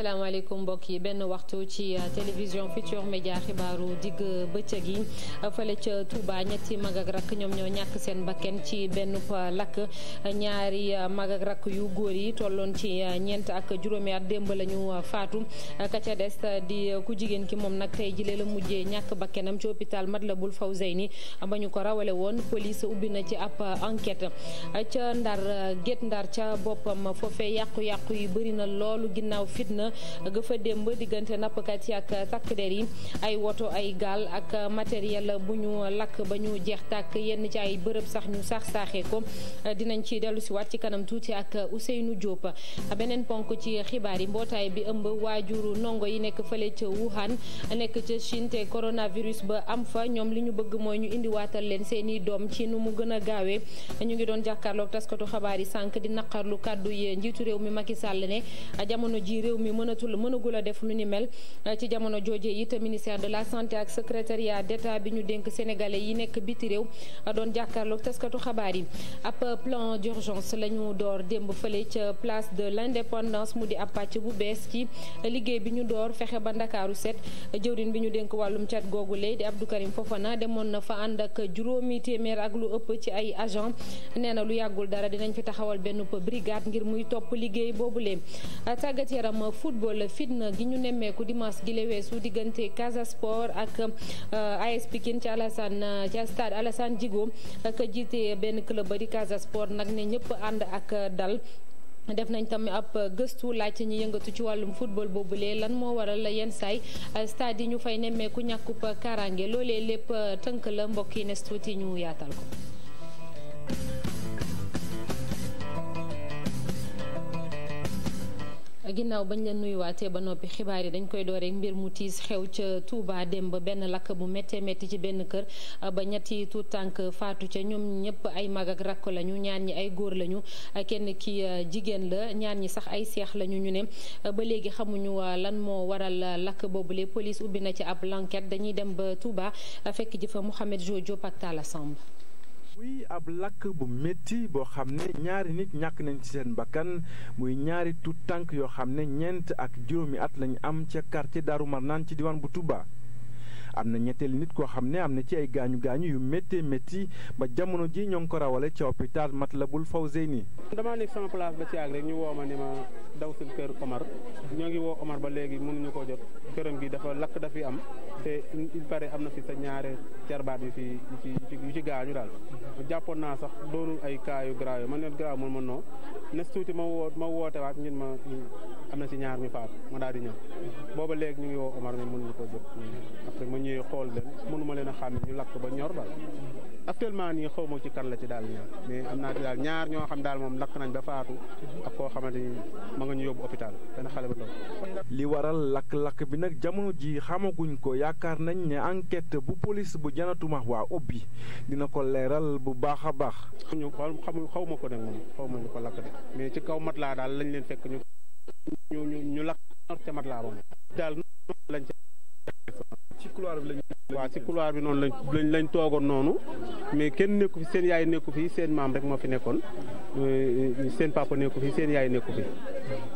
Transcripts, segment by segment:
asalaamaaleykum mbokk yi benn waxtu ci euh, télévision Futur Média xibaaru digg bëccëg yi euh, fële ca Touba ñetti mag ak rakk ñoom ñoo ñàkk seen bakken ci benn euh, lakk ñaari mag rakk yu góor yi tolloon ci ñeent ak juróomi at démb la ñu faatu ka ca des di ku jigéen ki moom nag tey jile la mujjee ñàkk bakkenam ci hôpital Matlaboul Fawzeyni ba ñu ko rawale woon police ubbi na ci ab enquête ca ndar Guet Ndar ca boppam foofee yàqu-yàqu yi bëri na loolu ginnaaw ga fa démb diggante nappkat yi ak takk der yi ay woto ay gaal ak matériel bu ñu lakk ba ñu jeex tàkk yenn ci ay bërëb sax ñu saax saaxee ko dinañ ci dellu si ci kanam tuuti ak Ousseynou Diop beneen ponk ci xibaar yi mbootaay bi ëmb waajuru ndongo yi nekk fële ca Wuhan nekk ca Chine te coronavirus ba am fa ñoom li ñu bëgg mooy ñu indiwaatal leen seeni doom ci nu mu gën a gaawee ñu ngi doon jàkkaarloog taskatu xabaar yi sànq di naqarlu kàddu yi njiitu réew mi Macky Sall mënatul mënagul a def lu ni mel eh, ci jamono jooje it ministère de la santé ak secrétariat d'état bi ñu dénk sénégalais yi nekk biti réew eh, doon jàkkaarloog taskatu xabaar yi ab plan d'urgence la ñu door démb fële ca place de l'indépendance mu di ab pàcc bu bees ci liggéey bi ñu door fexe ba ndakaaru set jëwrin bi ñu dénk wàllum cat googu lay di Abdou Karim Fofana demoon na fa ànd ak juróomi téeméer ak lu ëpp ci ay agent nee na lu yàggul dara dinañ fi taxawal benn brigade ngir muy topp liggéey boobu lee football fitna gi ñu nemmeeku dimaas gi la weesu diggante Casa Sport ak euh, AS Pikine ci Alassane ci stade Alassane Djigo ak jiite benn club ba di Casa Sport nag ne ñëpp ànd ak dal. def nañ tamit ab gëstu laajte ñi yëngatu ci wàllum football boobulee lan moo waral yenn say stade yi ñu fay nemmeeku ñàkku kaaraange loolee lépp tënk la mbokk yi nes tuuti ñu yaatal ko. ginnaaw bañ leen nuyuwaatee ba noppi xibaar yi dañ koy dooree mbir mu tiis xew ca Touba démb benn lakk bu méttee métti ci benn kër ba ñetti tuut tànk faatu ca ñoom ñëpp ay mag ak rakk lañu ñaar ñi ay góor lañu kenn ki euh, jigéen la ñaar ñi sax ay seex lañu ñu ne ba léegi xamuñu euh, lan moo waral euh, lakk boobu boobule police ubbi na ci ab l'enquête dañuy dem ba Touba fekk ji fa Mouhamed Jo Diop Samb muy ab lakk bu métti boo xam ne ñaari nit ñàkk nañ ci seen bakkan muy ñaari tuut tànk yoo xam ne ñeent ak juróomi at lañu am ca quartier Daaru Marnaan ci diwaan bu Touba. am na ñetteel nit koo xam ne am na ci ay gaañu gaañu yu méttee métti ba jamono ji ñoo ngi ko rawale ci hôpital Matlaboul Fawzeyni. damaa nekk sama place ba ci àgg rek ñu woo ma ne ma daw si kër Omar ñoo ngi woo Omar ba léegi mënuñu koo jot këram gi dafa lakk dafi am te il paraît am na fi sa ñaare jarbaat yu fi yu ci yu ci gaañu daal jàppoon naa sax doonul ay cas yu grave man leen grave ma noo nes tuuti ma ma woote waat ñun ma. am na ci ñaar ñu faatu ma daal di ñëw booba léegi ñu ngi woo Omar mais mënuñu ko jot après ma ñëwee xool leen mënuma leen a xàmme ñu lakk ba ñor nii xaw ma ci kan la ci daal ñaar am naa ci ñaar ñoo xam daal moom lakk nañ ba faatu koo xamante ni ma nga ñu yóbbu hôpital benn xale bu ndaw li waral lakk-lakk bi nag jamono ji xamaguñ ko yaakaar nañ ne enquête bu police bu janatuma waa ubbi dina ko leeral bu baax a baax ñu xamu xaw ma ko nag xaw ma ko lakk de mais ci kaw mat laa daal lañ leen fekk ñu ñu ñu ñu lakk te mat laa moom daal lañ ci couloir bi lañ waaw ci couloir bi noonu lañ lañ toogoon noonu mais kenn nekku fi seen yaay nekku fi seen maam rek moo fi nekkoon euh, seen papa nekku fi seen yaay nekku fi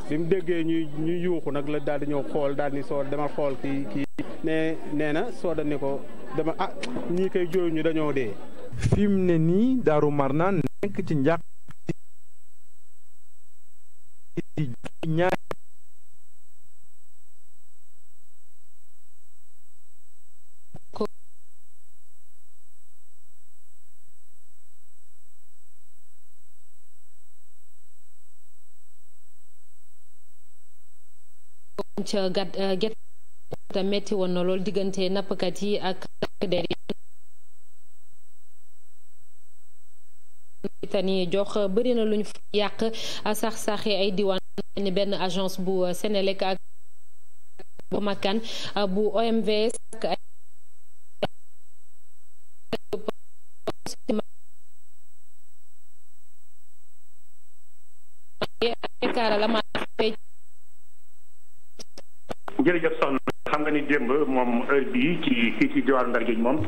bi mu déggee ñu ñuy yuuxu nag la daal di ñëw xool daal di soo dama xool kii kii ne nee na soo da ne ko dama ah ñii koy jooyu ñu dañoo dee fi ne nii Daaru Marnaan nekk ci njàq di ñaari ca gett metti woon na lool diggante nappkat yi ak der Mauritanie jox bëri na lu ñu yàq sax saxi ay diwaan ni benn agence bu Sénélec ak bu makkan bu OMVS ak jërëjëf soxna xam nga ni démb moom heure bii ci fii ci diwaaru Ndar moom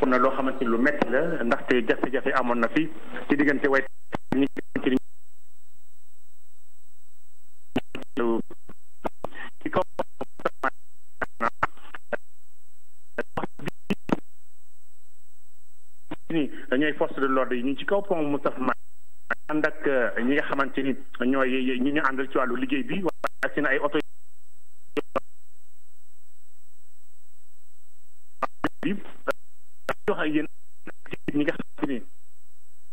fon na loo xamante ni lu metti la ndaxte jafe-jafe amoon na fi ci diggante way ñi ci ci kaw force de l'ordre yi ñu ci kaw mu Moustapha ànd ak ñi nga xamante ni ñooy ñi ñu àndal ci wàllu liggéey bi ak seen ay oto bi wax ak xam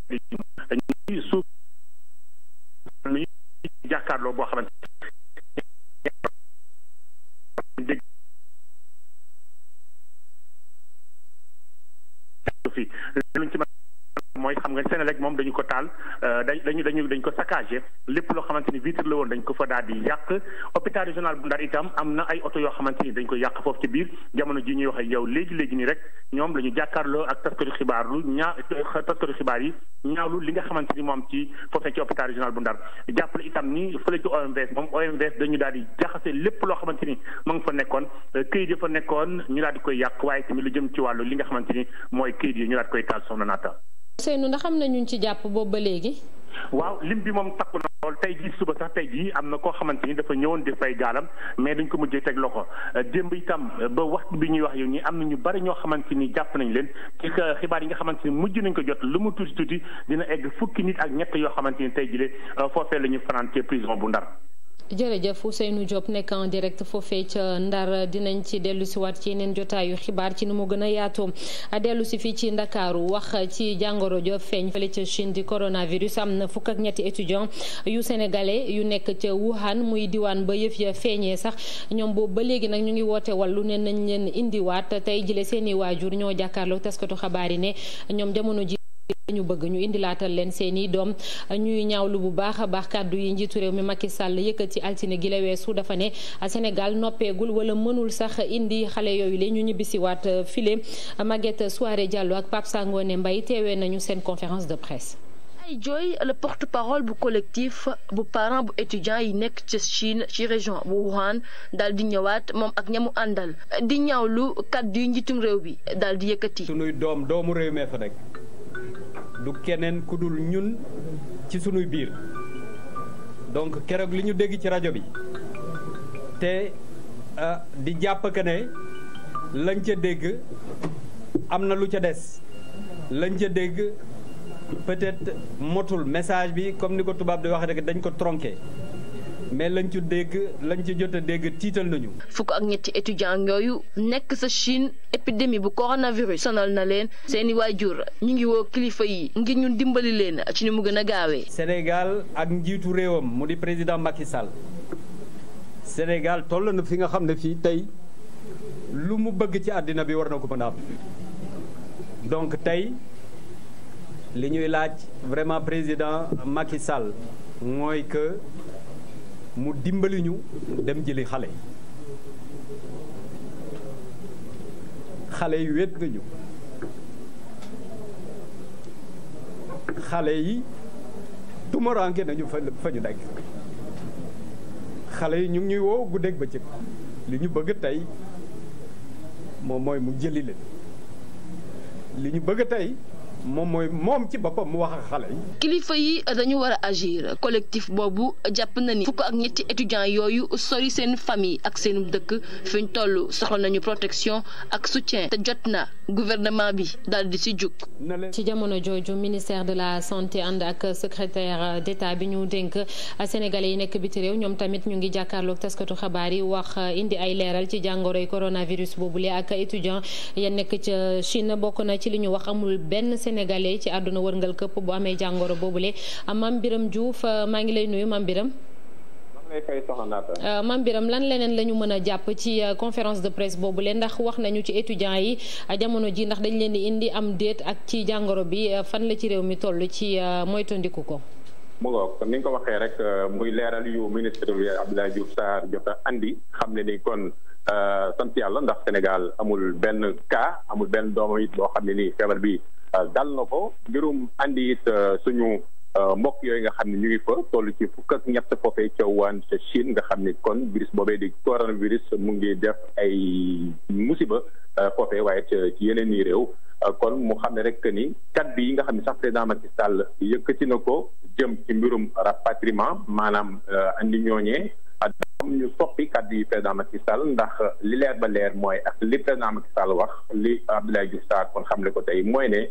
ne dañuy suuf jàkkaarloo boo xamante dégg fi mooy xam nga Senelec moom dañu ko taal euh, dañu dañu dañ ko saccagé lépp loo xamante ni vitre la woon dañ ko fa daal di yàq hôpital régional bu Ndar itam am na ay oto yoo xamante ni dañ ko yàq foofu ci biir jamono ji ñuy wax ak yow léegi léegi nii rek ñoom la ñu jàkkaarloo ak taskatu xibaar lu ñaa taskatu xibaar yi ñaawlu li nga xamante ni moom ci foofee ci hôpital régional bu Ndar jàppale itam ni fële ci OMVS moom dañu daal di jaxase lépp loo xamante ni ma nga fa nekkoon euh, këyit nekkoon ñu daal di koy yàq waaye tamit lu jëm ci wàllu li nga xamante ni mooy këyit yi ñu daal di koy taal soxna naata Seynou ndax xam na ñu ci jàpp boobu ba léegi. waaw lim bi moom takku na lool tey jii suba sax tey jii am na koo xamante ni dafa ñëwoon di fay gaalam mais dañ ko mujjee teg loxo euh, démb itam euh, ba wax bi ñuy wax yow ñi am na ñu bari ñoo xamante ni jàpp nañ leen ci xibaar yi nga xamante ni mujj nañ ko jot lu mu tuuti tuuti dina egg fukki nit ak ñett yoo xamante ni tey ji de euh, foofee la ñu fanaan ci prison bu ndar. jërëjëf Ousseynou Diop nekk en direct foofee ca Ndar dinañ ci dellu si waat ci yeneen jotaayu xibaar ci nu mu gën a yaatoo dellu si fii ci Ndakaaru wax ci jàngoro jo feeñ fële ca Chine di coronavirus am na fukk ak ñetti étudiant yu sénégale yu nekk ca Wuhan muy diwaan ba yëf ya feeñee sax ñoom boobu ba léegi nag ñu ngi woote wàllu ne nañ leen indiwaat tey jile seen waajur ñoo jàkkaarloo taskatu xabaar yi ne ñoom jamono ji ñu bëgg ñu indilaatal leen seeni doom ñuy ñawlu bu baax a baax kàddu yi njiitu réew mi Macky Sall yëkkati altine gi su weesu dafa ne Sénégal noppeegul wala mënul sax indi xale yooyu la ñu ñibbisiwaat file Maguette Souaré Diallo ak Pape Sangone Mbaye teewee nañu seen conférence de presse. ay jooy le porte-parole bu collectif bu parent bu étudiant yi nekk ci Chine ci région bu Wuhan daal di ñëwaat moom ak ñamu àndal di ñaawlu kàddu yi njiitum réew bi daal di yëkkati. sunuy doomu réew du keneen ku dul ñun ci sunuy biir donc keroog li ñu dégg ci rajo bi te ah, di jàpp que ne lañ ca dégg am na lu ca des lañ ca dégg peut-être motul message bi comme ni ko tubaab di wax rek dañ ko tronqué mais lañ ci dégg lañ ci jot a dégg tiital nañu. fukk ak ñetti étudiants yooyu nekk sa Chine épidémie bu coronavirus sonal na leen seeni waajur ñu ngi woo kilifa yi ngir ñu dimbali leen ci ni mu gën a gaawee. Sénégal ak njiitu réewam mu di président Macky Sall Sénégal toll na fi nga xam ne fii tey lu mu bëgg ci àddina bi war na ko mën donc tey. li ñuy laaj vraiment président Macky Sall mooy que mu dimbali ñu dem jëli xale yi xale yi wéet nañu xale yi tumuraanke nañu fa fa ñu nekk xale yi ñu ngi ñuy woo guddeeg bëccëg li ñu bëgg tey moom mooy mu jëli leen li ñu bëgg tey moom mooy moom ci boppam mu wax ak xale yi. kilifa yi dañu war a agir collectif boobu jàpp na ni fukk ak ñetti étudiants yooyu sori seen famille ak seen dëkk fi ñu toll soxla nañu protection ak soutien te jot na gouvernement bi daal di si jug. ci jamono jooju ministère de la santé ànd ak secrétaire d'état bi ñu dénk sénégalais yi nekk bi biti réew ñoom tamit ñu ngi jàkkaarloog taskatu xabaar yi wax indi ay leeral ci jàngoroy coronavirus boobule ak étudiants li ñu sénégalais ci àdduna wërngal këpp bu amee jàngoro boobule ah, Mame Birame Diouf ah, maa ngi lay nuyu Mame Birame ah, Mame Birame lan leneen la ñu mën a jàpp ci conférence de presse boobu leen ndax wax nañu ci étudiants yi jamono ji ndax dañ leen di indi am déet ak ci jàngoro bi fan la ci réew mi toll ci moytandiku ko mu ngoog ko waxee rek muy leeral yu ministre bi Abdoulaye Diouf Sarr jot a andi xam ne ni kon Euh, sant yàlla ndax Sénégal amul benn ka amul benn doomu it boo xam ne nii feebar bi euh, dal na ko mbirum andi it euh, suñu mbokk yooyu nga xam ne ñu ngi fa toll ci fukk ñett foofee ca waan ca Chine nga xam ne kon virus boobee di coronavirus mu ngi def ay musiba foofee waaye ci yeneen i réew kon mu xam ne rek ni kaddu yi nga xam ne sax président Macky Sall yëkkati na ko jëm ci mbirum rapatriement maanaam andi ñooñee ak comme ñu soppi kàddu yi président Macky ndax li leer ba leer mooy ak li président Macky wax li Abdoulaye Diouf Sarr kon xamle ko tey mooy ne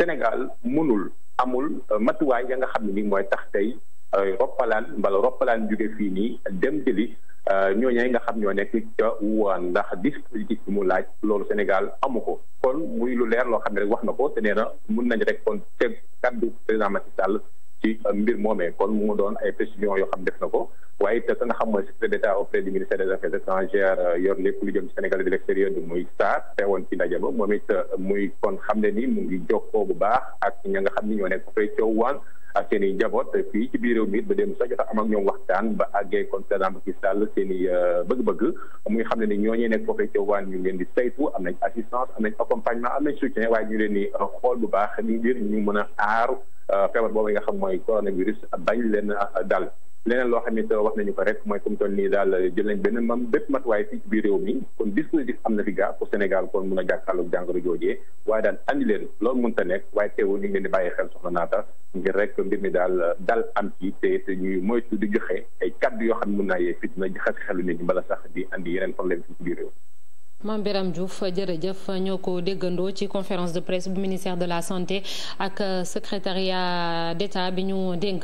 Sénégal mënul amul euh, matuwaay ya nga xam ne ni mooy tax tey euh, roppalaan mbala roppalaan jóge fii nii dem jëli euh, ñooñu nga xam ñoo nekk ca waan ndax dispositif bi mu laaj loolu Sénégal amu ko kon muy lu leer loo xam ne rek wax na ko te nee na mun nañ rek kon teg kàddu président Macky ci mbir moomee kon mu doon ay précisions yoo xam def na ko waaye it nga xam mooy secrétaire d'État auprès du ministère des affaires étrangères euh, yor lépp lu jëm ci Sénégal de l'extérieur du muy SAR teewoon ci ndaje ba moom it euh, muy kon xam ne ni mu ngi jokkoo bu baax ak ña nga xam ni ñoo nekk fay coow waan ak seen i njaboot fii ci biir réew mi ba dem sax a am ak ñoom waxtaan ba àggee kon président Macky Sall seen i euh, bëgg-bëgg mu ngi xam ne ni ñooñee nekk foofee ca waan ñu leen di saytu am nañ assistance am nañ accompagnement am nañ soutien waaye ñu leen di xool bu baax ngir ñu mën a aar euh, feebar boobu nga xam mooy coronavirus bañ leen dal leneen loo xam ne te wax nañu ko rek mooy comme toll nii daal jël nañ benn mam bépp matuwaay fii ci biir réew mi kon dispositif am na fi gaa pour Sénégal kon mun a jàkkaarloog jàngoro joojee waaye daal andi leen loolu mun ta nekk waaye teewul ñu ngi leen bàyyi xel soxna naata ngir rek mbir mi daal dal am ci te te ñuy moytu di joxe ay kàddu yoo xam ne mun naa yee fitna xasi xelu nit ñi mbala sax di indi yeneen problème fii ci biir réew Mame Birame Diouf jërëjëf ñoo ko déggandoo ci conférence de presse bu ministère de la santé ak euh, secrétariat d'État bi ñu dénk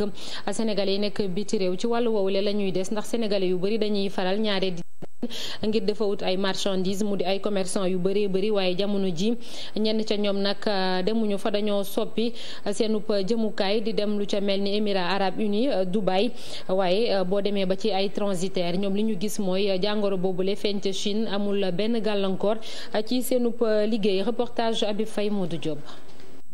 sénégalais yi nekk biti réew ci wàllu woowu la ñuy des ndax sénégalais yu bari dañuy faral ñaare di ngir dafa wut ay marchandises mu di ay commerçant yu bëree bëri waaye jamono ji ñenn ca ñoom nag euh, demuñu fa dañoo soppi euh, seenu jëmukaay di dem lu ca mel ni Émirats arabes unis euh, Dubaï waaye boo demee ba ci ay transitaire ñoom li ñu gis mooy jàngoro boobule feeñ ca Chine amul benn gàllankoor ci seenub liggéey reportage Abib Faye Modou Diop.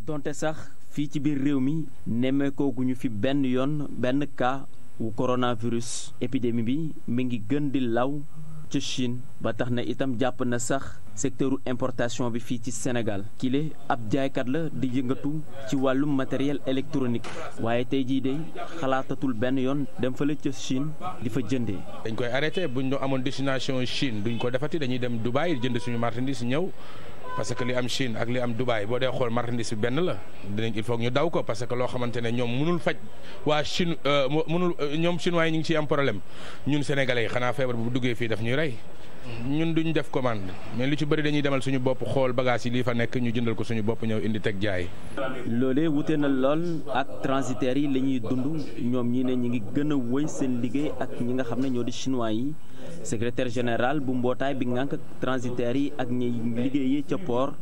donte sax fii ci biir réew mi nemmeekooguñu fi benn yoon benn cas wu coronavirus bi mi ngi gën di law. ca Chine ba tax na itam jàpp na sax secteuru importation bi fii ci Sénégal kile ab jaaykat la di yëngatu ci wàllum matériel électronique waaye tey jii de xalaatatul benn yoon dem fële ca Chine di fa jëndee. dañ koy arrêté buñ ñu amoon destination Chine duñ ko defati dañuy dem du bàyyi jënd suñu marchandise ñëw. parce que li am Chine ak li am Dubaï boo dee xool marchandise bi benn la dinañ il faut ñu daw ko parce que loo xamante ne ñoom mënul faj waa Chine euh, mënul euh, ñoom chinois yi ñu ngi ciy am problème ñun sénégalais yi xanaa feebar bu duggee fii daf ñuy rey. ñun duñ def commande mais lu ci bëri dañuy demal suñu bopp xool bagage yi lii fa nekk ñu jëndal ko suñu bopp ñëw indi teg jaay. loolee wute na lool ak transitaires yi la ñuy dund ñoom ñi ne ñi ngi gën a wëy seen liggéey ak ñi nga xam ne ñoo di chinois yi secrétaire général bu mbootaay bi ngànk transitaires yi ak ñi ca port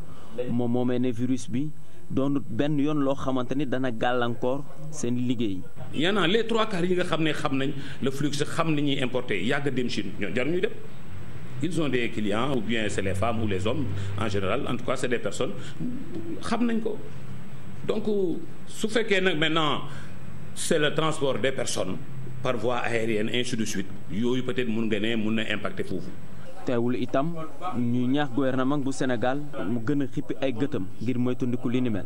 moom moomee ne virus bi. doonut benn yoon loo xamante ni dana gàllankoor seen liggéey. naa les trois quarts yi nga xam ne xam nañ le flux xam ni ñuy importé yàgg dem Chine ñoo jar ñuy dem. ils ont des clients ou bien c'est les femmes ou les hommes en général en tout cas c'est des personnes xam nañ ko donc su fekkee nag maintenant c'est le transport des personnes par voie aérienne ainsi de suite yooyu peut-être mun nga ne mun na impacter foofu. teewul itam ñu ñaax gouvernement bu Sénégal mu gën a xippi ay gëtam ngir moytandiku li ni mel.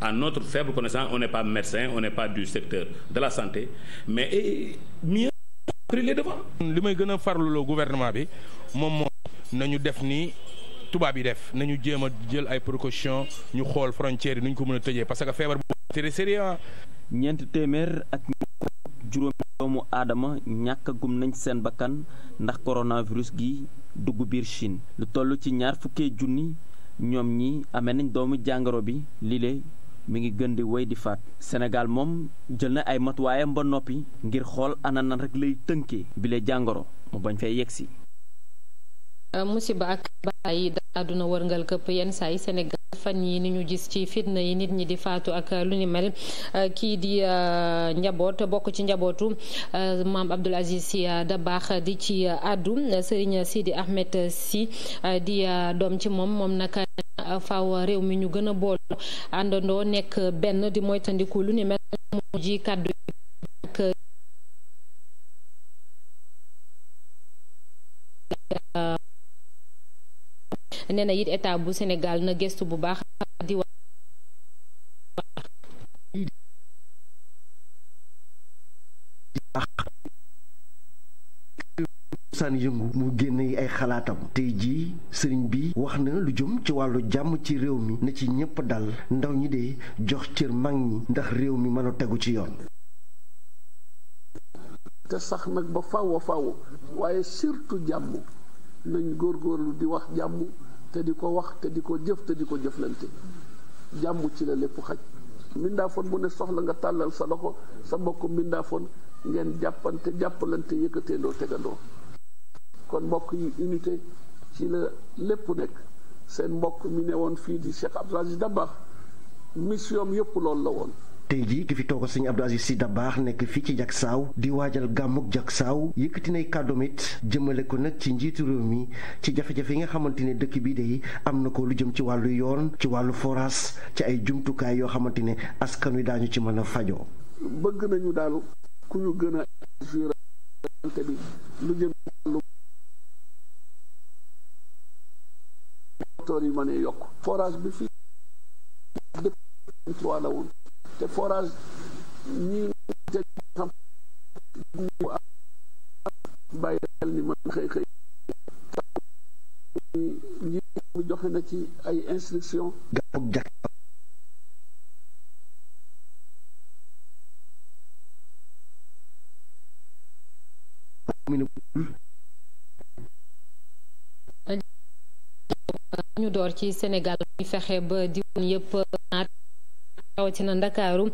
à notre faible connaissance on n'est pas médecin on n'est pas du secteur de la santé mais eh, mieux li may gën a farluloo gouvernement bi. moom moom nañu def ni tubaab yi def nañu jéem a jël ay précaution ñu xool frontière yi nu ñu ko mën a tëjee parce que feebar boobu très ñeent téeméer ak juróomi doomu aadama ñàkkagum nañ seen bakkan ndax virus gi dugg biir Chine lu toll ci ñaar fukkee junni ñoom ñi amee nañ doomu jàngoro bi lile mu ngi gën di woy di faat Sénégal moom jël na ay matuwaayam ba noppi ngir xool ana nan lay tënke bile jàngoro mu bañ fay yegsi. Euh, musiba ak baa yi da àdduna wërngal këpp yenn saay yi Sénégal fan yi ni ñu gis ci fitna yi nit ñi di faatu ak lu ni mel euh, kii di euh, njaboot bokk ci njabootu maam Abdoul Aziz da baax di ci àddu Serigne Sidi Ahmed Sy di doom ci moom moom naka faw réew mi ñu gën a bool àndandoo nekk benn di moytandiku lu ni mel mu ji kàddu ak nee na it état bu Sénégal na gëstu bu baax di wax saan yëngu mu génne ay xalaatam tey jii sëriñ bi wax na lu jëm ci wàllu jàmm ci réew mi na ci ñépp dal ndaw ñi de jox cër mag ñi ndax réew mi mën a tegu ci yoon te sax nag ba faw faw waaye surtout jàmm nañ góorgóorlu di wax jàmm te di ko wax te di ko jëf te di ko jëflante jàmbu ci la lépp xaj mbindaafoon bu ne soxla nga tàllal sa loxo sa mbokk mbindaafoon ngeen jàppante jàppalante yëkkateendoo tegandoo kon mbokk yi unité ci la lépp nekk seen mbokk mi ne woon fii di Cheikh Abdoul Aziz Dabakh mission yëpp loolu la woon tey jii ki fi toogal sëñ Abdou Aziz Sy baax nekk fii ci saaw di waajal gàmmuk Jaksaaw yëkkati nay kàddoom it jëmale ko nag ci njiitu réew mi ci jafe-jafe yi nga xamante ne dëkk bi day am na ko lu jëm ci wàllu yoon ci wàllu forage ci ay jumtukaay yoo xamante ne askan wi daañu ci mën a fajoo. bëgg nañu daal ku ñu gën a bi lu jëm wàllu docteur yi mën yokk forage bi fii depuis trois la woon te forage ñii te xam ni man xëy xëy ñi mu joxe na ci ay instruction ñu door ci senegal muy fexe ba diwoon yëpp naat rawatina Ndakaaru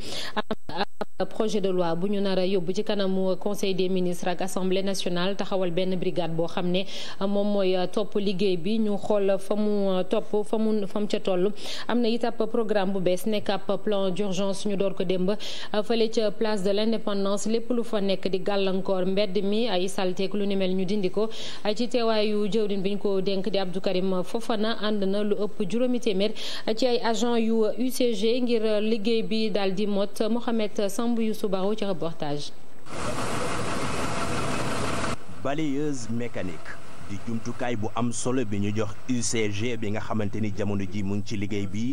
am projet de loi bu ñu nar a yóbbu ci kanamu conseil des ministres ak assemblée nationale taxawal benn brigade boo xam ne moom mooy topp liggéey bi ñu xool fa mu topp fa mu fa mu ca toll am na it programme bu bees nekk ab plan d'urgence ñu door ko démb fële ca place de l'indépendance lépp lu fa nekk di gàllankoor mbedd mi ay salteek lu ni mel ñu dindi ko ci teewaayu jëwriñ bi ñu ko dénk di Abdou Karim Fofana ànd na lu ëpp juróomi téeméer ci liggéey bi daal di mot Mohamed Samb Youssou Baro ci reportage. balayeuse jumtukaay bu am solo bi ñu jox UCG bi nga xamante ni jamono ji mu ngi ci liggéey bi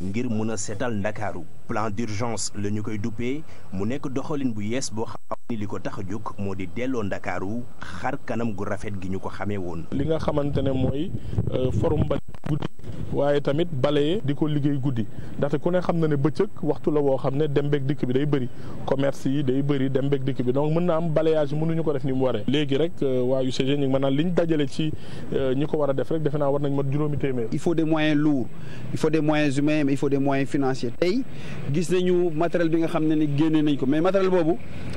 ngir mun a seetal Ndakaaru plan d'urgence la ñu koy duppee mu nekk doxalin bu yees boo xam ni li ko tax a jóg moo di delloo ndakaaru xar kanam gu rafet gi ñu ko xamee woon. li nga xamante ne mooy euh, forum bale guddi waaye tamit bale di ko liggéey guddi ndaxte ku ne xam na ne bëccëg waxtu la woo xam ne dem beeg dikk bi day bëri commerce yi day bëri dem beeg dikk bi donc mën na am balayage yi mënuñu ko def ni mu waree. léegi rek euh, waa UCG ñu ngi maanaam liñ dajale ci euh, ñi ko war a def rek defe naa war nañ mat juróomi téeméer. il faut des moyens lourds il faut des moyens humains faut des moyens financiers tey gis nañu matériel bi nga xam ne ni génne nañ ko mais matériel boobu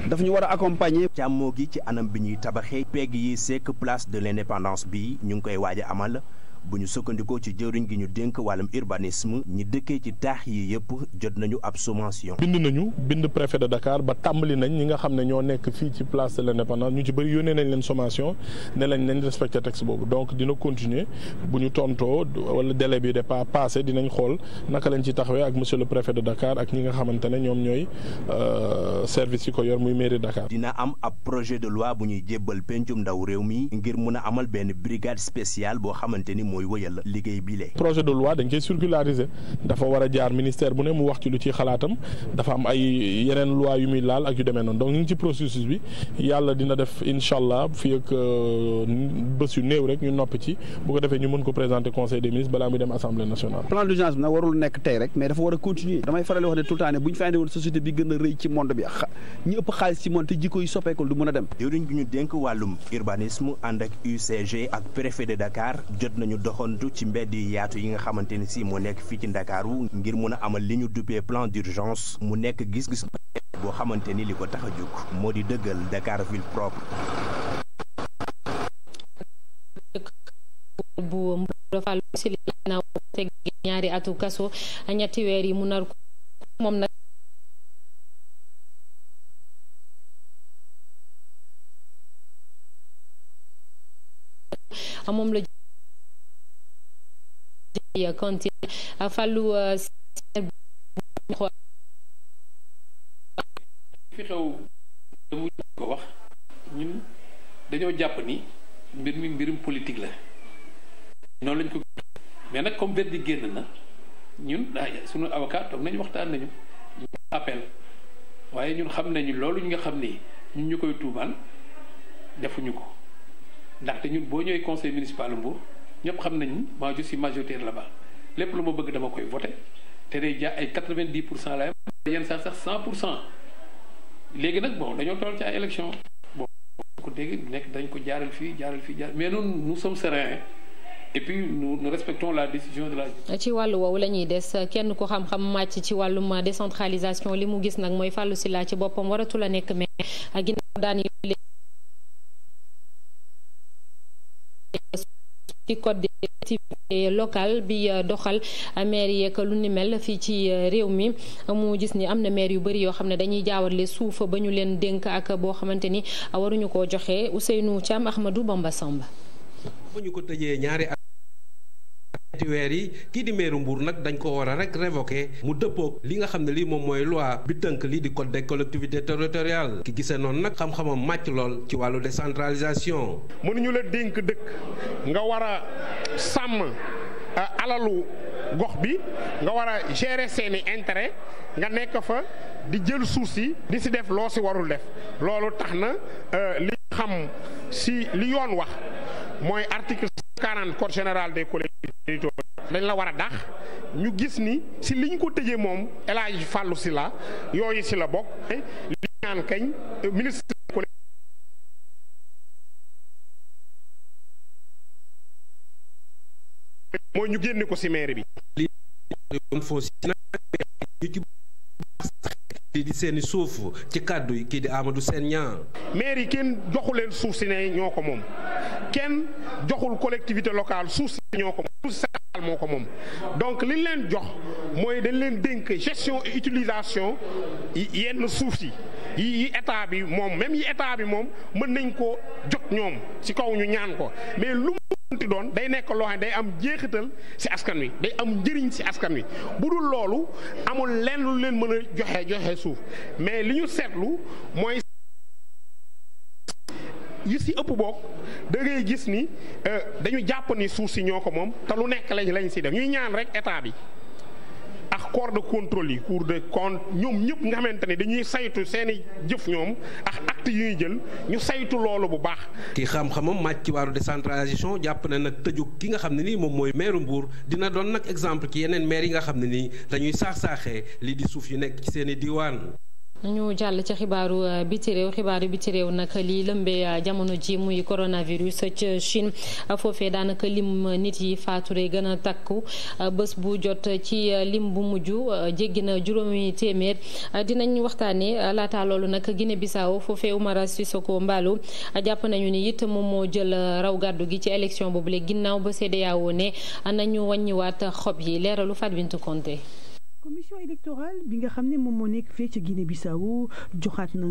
daf ñu war a accompagner. càmmoo gi ci anam bi ñuy tabaxee. peeg yi sekk place de l'indépendance bi ñu ngi koy waaja a amal. bu ñu sukkandikoo ci jëwriñ gi ñu dénk wàllum urbanisme ñi dëkkee ci taax yi yëpp jot nañu ab sommation. bind nañu bind préfet de Dakar ba tàmbali nañ ñi nga xam ne ñoo nekk fii ci place de l'indépendance ñu ci bëri yónnee nañ leen sommation ne lañ nañ respecté texte boobu donc dina continuer bu ñu tontoo wala délai bi de pas dinañ xool naka lañ ci tax taxawee ak monsieur le préfet de Dakar ak ñi nga xamante ne ñoom ñooy euh, service yi ko yor muy mairie Dakar. dina am ab projet de loi bu ñuy jébbal pencum ndaw réew mi ngir mun a amal benn brigade spéciale boo xamante mooy wëyal liggéey bi lee projet de loi dañ koy circulariser dafa war a jaar ministère bu ne mu wax lu ciy xalaatam dafa am ay yeneen loi yu muy laal ak yu demee noonu donc ñu ngi euh, dem assemblée nationale. plan d'urgence bi nag a continuer damay ci monde bi ñu ëpp xaalis ci monde te jikko yi soppeekul du mën a dem. jëwriñ bi ñu wàllum urbanisme ànd ak UCG ak préfet de Dakar jot nañu ñu doxantu ci mbedd yaatu yi nga xamante ni si moo nekk fii ci Ndakaaru ngir mën a amal liñu ñu duppee plan d'urgence mu nekk gis-gis boo xamante ni li ko tax a jóg moo di dëggal Dakar ville propre. bu Fall si ginnaaw teg ñaari atu kaso ñetti weer yi mu nar ko moom nag moom continuer Fallou eh, fi xew damu ko wax ñun dañoo jàpp ni mbir mi mbirum politique la noonu lañ ko mais nag comme verdi génn na ñun ah, suñu avocat toog nañu waxtaan nañu appel waaye ñun xam nañu loolu ñu nga xam ni ñun ñu koy tuumaal defuñu ko ndaxte ñun boo ñëwee conseil municipal Mbour ñëpp xam nañ ma je suis majoritaire là-bas lépp lu ma bëgg dama koy voté te day ja ay quatre vingt dix pour cent la yenn saa sax cent pour cent léegi nag bon dañoo toll ci ay élection bon ko dégg nekk dañ ko jaaral fii jaaral fii jaaral mais noonu nous sommes sereins et puis nous respectons la décision de la. ci wàllu woowu la ñuy des kenn ku xam-xam màcc ci wàllu wàllum décentralisation li mu gis nag mooy Fallou laa ci boppam waratu la nekk mais ginnaaw daan ci code des collectivités bi euh, doxal euh, maire yeeg lu ni mel fii ci euh, réew mi mu gis ni am na maire yu bëri yoo xam ne dañuy jaawale suufa ba ñu leen dénk ak boo xamante ni waruñu koo joxe Ousseynou Thiam Ahmadou Bamba Samba. bu ñetti weer yi kii di meeru Mbour nag dañ ko war a rek révoqué mu dëppoog li nga xam ne lii moom mooy loi bi tënk lii di code des collectivités territoriales ki gise noonu nag xam-xamam màcc lool ci wàllu décentralisation. mënuñu la dénk dëkk nga war a sàmm euh, alalu gox bi nga war a gérer seeni intérêt nga nekk fa di jël suuf si di si def loo si warul def loolu tax na euh, li xam si li yoon wax mooy article. quarante corps général des collectivités dañ la war a dax ñu gis ni si liñ ko tëjee moom El Hadj Fallou la yooyu ci la bokk li ñaan ñu génne ko si maire bi di seeni suuf ci kàddu yi kii di Amadou Sène Niang. maire yi kenn joxu leen suuf si ne ñoo ko moom kenn joxul collectivité locale suuf si ñoo ko moom suuf ko moom donc liñ leen jox mooy dañ leen dénk gestion utilisation yenn suuf si yi état bi moom même yi état bi moom mën nañ ko jot ñoom ci kaw ñu ñaan ko mais lu doon day nekk loo day am jeexital si askan wi day am njëriñ si askan wi bu dul loolu amul lenn lu leen mën a joxe joxe suuf mais li ñu seetlu mooy yu si ëpp boog da gis ni euh, dañu jàpp ni suuf si ñoo ko moom te lu nekk lañ lañ si def ñuy ñaan rek état bi ak corps de contrôle yi cour de compte ñoom ñëpp nga xamante ne dañuy saytu seeni jëf ñoom ak acte yu ñuy jël ñu saytu loolu bu baax. ki xam-xamam màcc ci wàllu décentralisation jàpp na nag tëju ki nga xam ne nii moom mooy maire Mbour dina doon nag exemple ci yeneen maire yi nga xam ne nii dañuy saax saaxee lii di suuf yu nekk ci seen i diwaan. ñu jàll ci xibaaru euh, biti réew xibaaru biti réew nag lii lëmbee euh, jamono ji muy coronavirus ca Chine foofee daanaka lim nit yi faature gën a takku euh, bés bu jot ci lim bu mujj jéggi na juróomi téeméer dinañ waxtaanee laata loolu nag Guinée Bissau foofee Umaro Sissoco Embaló jàpp nañu ni it moom moo jël raw gàddu gi ci élection boobule ginnaaw ba CEDEAO ne nañu wàññiwaat xob yi leeralu fat Bintou Conté commission électorale bi nga xam ne moom moo nekk fee ca Guinée Bissau joxaat na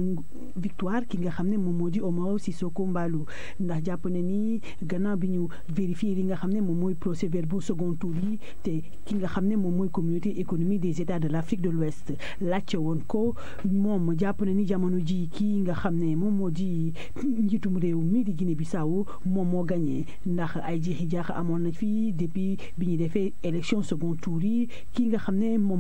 victoire ki nga xam ne moom moo di Umaro Sissoco Embaló ndax jàpp na ni gannaaw bi ñu vérifier li nga xam ne moom mooy procès verbaux second tour te ki nga xam ne moom mooy communauté économique des états de l' Afrique de l'Ouest laajte woon ko moom jàpp na ni jamono ji kii nga xam ne moom moo di njiitum réew mii di Guinée Bissau moom moo gagné ndax ay jiixi jaax amoon na fii depuis bi ñu defee élection second tour yi ki nga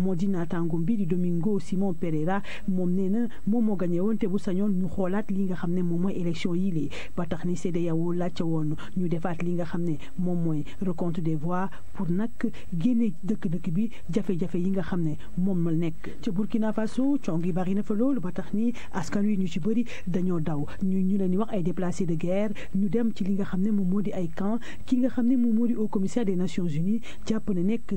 moo di naataangoom bi di Domingo Simon Pereira moom nee na moom moo gagné woon te bu sañoon ñu xoolaat li nga xam ne moom mooy élection yi lii ba tax ni CEDEAO laajte woon ñu defaat li nga xam ne moom mooy recompte des voix pour nag génne dëkk-dëkk bi jafe yi nga xam ne moom la nekk ca Burkina Faso cong yi bari na fa loolu ba tax ni askan wi ñu ci bëri dañoo daw ñu ñu leen di wax ay déplacés de guerre ñu dem ci li nga xam ne moom moo di ay camp ki nga xam ne moom moo di haut commissaire des Nations Unies jàpp ne nekk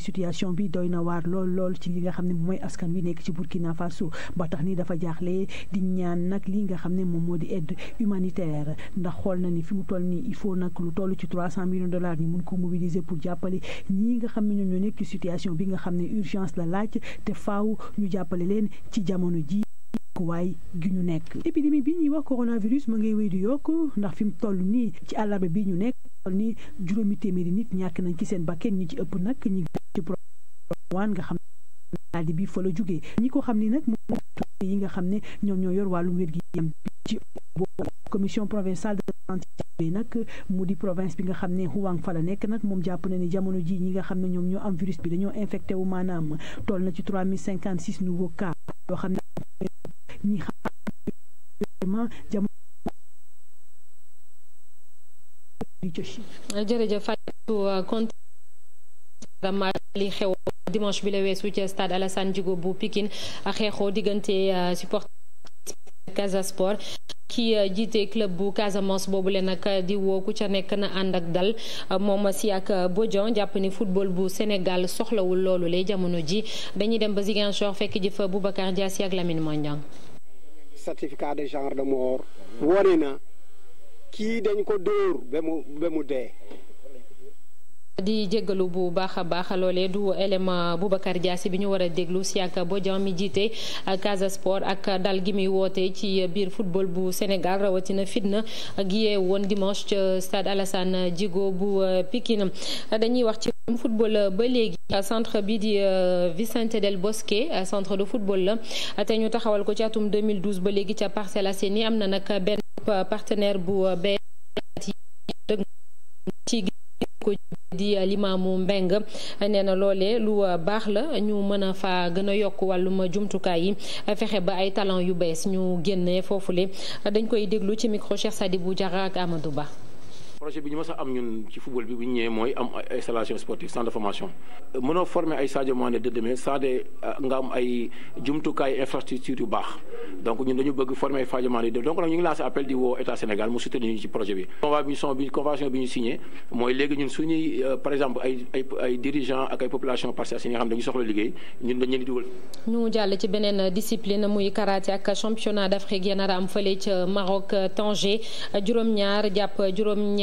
situation bi doy na waar lool lool ci li nga xam ne mooy askan wi nekk ci Burkina Faso ba tax ni dafa jaaxle di ñaan nag li nga xam ne moom moo di aide humanitaire ndax xool na ni fi mu toll nii il faut nag lu toll ci trois cent millions de dollars ñu mun ko mobiliser pour jàppale ñii nga xam ne ñoom ñoo nekk situation bi nga xam ne urgence la laaj te faaw ñu jàppale leen ci jamono ji dëkkuwaay gi ñu nekk épidémie bi ñuy wax coronavirus ma ngay wéy di yokk ndax fi mu toll nii ci àllarba bi ñu nekk toll nii juróomi téeméeri nit ñàkk nañ ci seen bakken ñi ci ëpp nag ñi ci waan nga xam maladie bi fa jógee ñi ko xam ni nag moom yi nga xam ne ñoom ñoo yor wàllum wér gi yam ci commission provinciale de santé bi nag mu di province bi nga xam ne Wuhan fa la nekk nag moom jàpp na ni jamono ji ñi nga xam ne ñoom ñoo am virus bi dañoo infecté wu maanaam toll na ci trois mille cinquante six nouveaux cas yoo xam ne ñi xam jërëjëf Fatou euh, li xew dimanche bi la weesu ca stade Alassane Djigo bu pikin xeexoo diggante euh, supporter Casa ki euh, jiite club bu Casamance boobu leen nag di woo ca nekk na ànd ak dal moom si ak Bodian jàpp ni football bu Sénégal soxlawul loolu lay jamono ji dañuy dem ba Ziguinchor fekk ji fa Boubacar Dia si ak Lamine certificat de genre de mort wane na kii dañ ko dóor ba mu ba mu dee di jéggalu bu baax a baax loolee du élément Boubacar Diassi bi ñu war a déglu si ak Bodian mi jiite Casa Sport ak dal gi muy woote ci biir football bu Sénégal rawatina fitna ak yee woon dimanche ca stade Alassane jigo bu euh, Pikine dañuy wax ci football ba léegi centre bi di euh, Vicente del Bosque centre de football la te ñu taxawal ko ci atum 2012 ba léegi ca Parcelles Assainies am na nag benn partenaire bu euh, bees ci ko di euh, Limaamu Mbeng nee na loolee lu euh, baax la ñu mën a faa gën a yokk wàllum jumtukaay yi fexe ba ay talent yu bees ñu génne foofule dañ koy déglu ci micro Cheikh bu Diarra ak Ba projet bi ñu mës a am ñun ci football bi bu ñu ñëwee mooy am installation sportive centre de mënoo former ay Sadio Mané de demain sans de euh, nga am ay jumtukaay infrastructure yu baax donc ñun dañu bëgg former ay Sadio Mané de donc ñu ngi lancé appel di woo état Sénégal mu soutenir ñu ci projet bi. convention bi convention bi ñu signé mooy léegi ñun suñuy euh, par exemple ay ay ak ay population Parcelles Assainies yi nga xam ne dañu soxla liggéey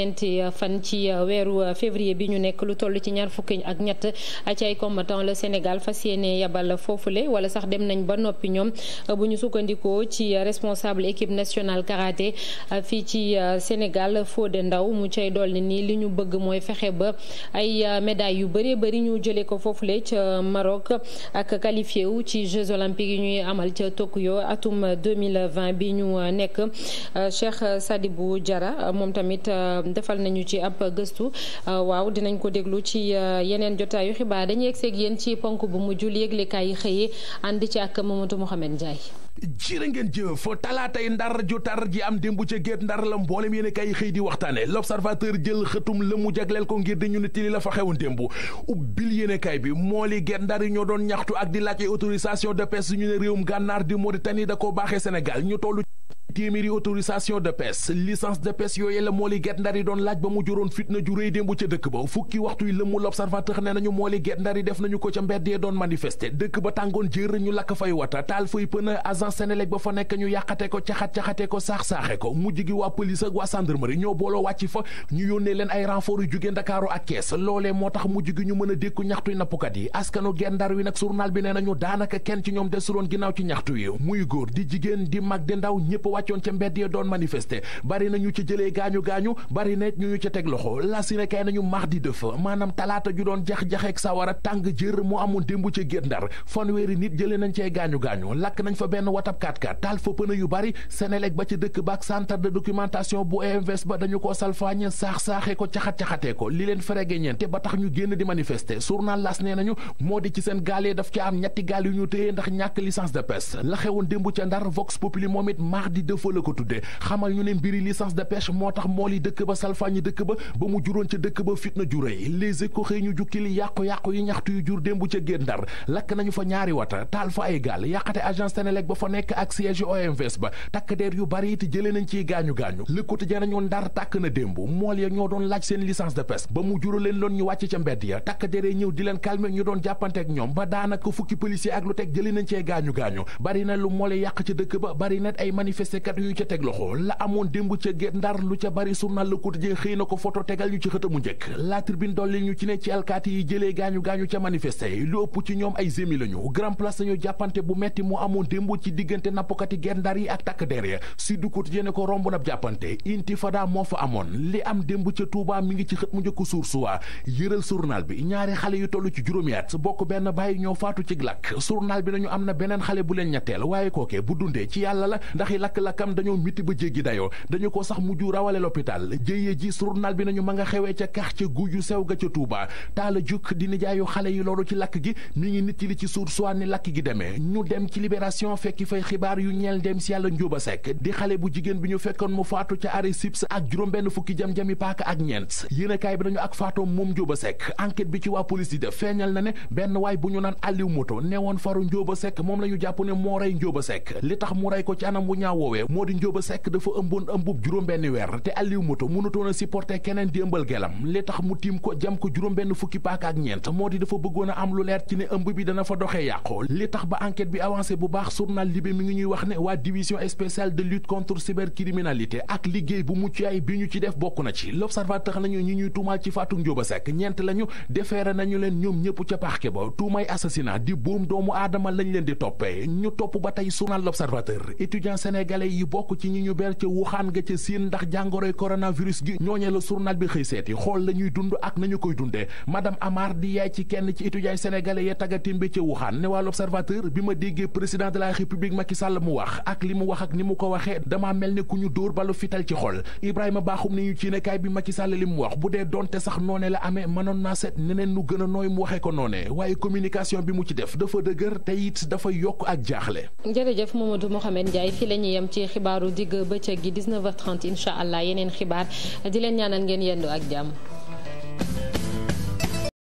ñeenti euh, fan ci euh, weeru euh, février bi ñu nekk lu toll ci ñaar fukki ak ñett ci ay combattant le Sénégal fas yéene yabal foofule wala sax dem nañ ba noppi ñoom bu ñu sukkandikoo ci responsable équipe nationale karaté fi ci Sénégal Fodé Ndaw mu cay dolli ni li ñu bëgg mooy fexe ba ay médailles yu bëree bëri ñu jëlee ko foofule ca Maroc ak qualifié wu ci Jeux olympiques yi ñuy amal ca Tokyo atum bi ñu nekk Cheikh Sadibou Diarra moom tamit. defal nañu ci ab gëstu euh, waaw dinañ ko déglu ci euh, yeneen jotaayu xibaar dañuy egseeg yéen ci ponk bu mujj yëglekaay yi xëyee ànd ci ak Mamadou Mohamed Ndiaye. jërë ngeen jëf talaatay ndar ju tar ji am démb ca géet ndar la mboolem yéen kay xëy di waxtaane l'observateur jël xëtum la mu jagleel ko ngir di ñu ne tili la fa xewoon démb ubbil yéen kay bi moo li géet ndar yi ñoo doon ñaxtu ak di laaj ay autorisation de pêche ñu ne réewum gànnaar di Mauritanie da ko baaxee Sénégal ñu tollu téeméeri autorisation de pêche licence de pêche yooyu la Moly Guet Ndar yi doon laaj ba mu juróon fitna ju réy démbu ca dëkk ba fukki waxtu yi lëmmu ne nañu Moly Guet Ndar yi def nañu ko ca mbedd yee doon manifester dëkk ba tàngoon jër ñu lakk fay wata taal fay pëna agent Senelec ba fa nekk ñu yàqate ko caxat-caxate ko saax-saaxe ko mujj gi waa police ak waa gendarmerie ñoo booloo wàcc fa ñu yónnee leen ay renfort yu jugee Ndakaaru ak Kees loolee moo tax mujj gi ñu mën a dékku ñaxtuy nappkat yi askanu Guet wi nag journal bi nee nañu daanaka kenn ci ñoom desuloon ginnaaw ci ñaxtu yi muy góor di jigéen di mag di ndaw ñëpp wàccoon ca mbedd ya doon manifester bari na ñu ci jëlee gaañu gaañu bari na ñu ñu ca teg loxo la si ne kay nañu mardi de fa maanaam talaata ju doon jax-jaxeek sawara tàng jër moo amoon démb ca Guet Ndar fanweeri nit jëlee nañ cee gaañu gaañu lakk nañ fa benn watab 4 x taal fa pneu yu bari Senelec ba ci dëkk baak centre de documentation bu EMVS ba dañu ko salfaañe saax-saaxee ko caxat-caxatee ko li leen frege ñeente ba tax ñu génn di mani journal las nee nañu moo di ci seen gaalee daf ca am ñetti gaal defoo la ko tuddee xamal ñu ne mbiri licence de pêche moo tax mool yi dëkk ba salfaañi dëkk ba ba mu juróon ca dëkk ba fitna juréy les éco xëy ñu jukki li yàqu-yàqu yi ñaxtu yu jur démb ca Guet Ndar lakk nañu fa ñaari wata taal fa ay gaal yàqate agence Senelec ba fa nekk ak siège OMVS ba takk deer yu bari it jëlee nañ ciy gaañu-gaañu Le Quotidien nañu Ndar tàkk na démb mool ya ñoo doon laaj seen licence de pêche ba mu juró leen loon ñu wàcc ca mbedd ya takk deer ñëw di ñoom ba daanaka fukki policier ak lu teg jëlee nañ gaañu-gaañu bari na lu moole yàq ca ba bari na ay tasekat yu ca teg loxo la amoon démb ca Guet Ndar lu ca bari journal Le Quotidien xëy na ko photo tegal ñu ci xët mu njëkk la tribune dolli ñu ci ne ci alkaati yi jëlee gaañu-gaañu ca manifesté lu ëpp ci ñoom ay zemi lañu grand place lañu jàppante bu metti mu amoon démb ci diggante nappkati Guet Ndar yi ak takk der ya Sud Quotidien ne ko romb na jàppante intifada moo fa amoon li am démb ca Touba mu ngi ci xët mu njëkk Source A yëral journal bi ñaari xale yu toll ci juróomi at bokk benn bàyyi ñoo faatu ci lakk journal bi nañu am na beneen xale bu leen ñetteel waaye kooke bu dundee lakam dañoo miti ba jéggi dayoo dañu ko sax mujj rawale l'hôpital jéyee ji journal bi nañu ma nga xewee ca quartier guju sew ga ca Touba taala juk di nijaayu xale yi loolu ci lakk gi mi ngi nit li ci suur soit ni lakk gi demee ñu dem ci libération fekki fay xibaar yu ñeel dem si yàlla njuuba sekk di xale bu jigéen bi ñu fekkoon mu faatu ca arrêt sips ak juróom-benn fukki jam-jami paaka ak ñeent yéenekaay bi nañu ak faatoom moom njuuba sekk enquête bi ci waa police yi def feeñal na ne benn waay bu ñu naan Aliou Moto newoon faru njuuba sekk moom la ñu jàpp moo rey njuuba sekk li tax mu rey ko ci anam wu woowee moo di Njóoba Sekk dafa ëmboon ëmbub juróom-benn weer te Aliou Moto mënutoon a supporter keneen di ëmbal gelam li tax mu tiim ko jam ko juróom-benn fukki paaka ak ñeent moo di dafa bëggoon a am lu leer ci ne ëmb bi dana fa doxee yàqoo li tax ba enquête bi avancé bu baax journal Libé mi ngi ñuy wax ne waa division spéciale de lutte contre cybercriminalité ak liggéey bu mucc ay bi ñu ci def bokk na ci l'observateur nañu ñi ñuy tuumaal ci faatu Njóoba Sekk leen ñoom ñëpp ca parquet ba tuumay assassinat di boom doomu aadama lañ leen di toppee ñu topp ba tey journal l'observateur étudiant sénégalais xale yi bokk ci ñi ñu ber ca Wuhan ga ca Siin ndax jàngoroy coronavirus gi ñooñee la journal bi xëy seeti xool la ñuy dund ak nañu koy dundee madame Amar di yaay ci kenn ci étudiants sénégalais ya tagatim bi ca Wuhan ne waa l'Observateur bi ma déggee président de la République Macky Sall mu wax ak li mu wax ak ni mu ko waxee damaa mel ne ku ñu dóor balu fital ci xol Ibrahima Bakhoum ni ñu ci nekaay bi Macky Sall li mu wax bu dee donte sax noone la amee mënoon bi mu ci def dafa dëgër te it dafa yokk ak jaaxle yem ci xibaaru digg bëccëg gi 19h30 incha allah yeneen xibaar di leen ñaanal ngeen yendu ak jàmm.